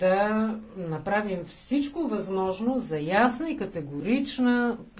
да направим всичко възможно за ясна и категорична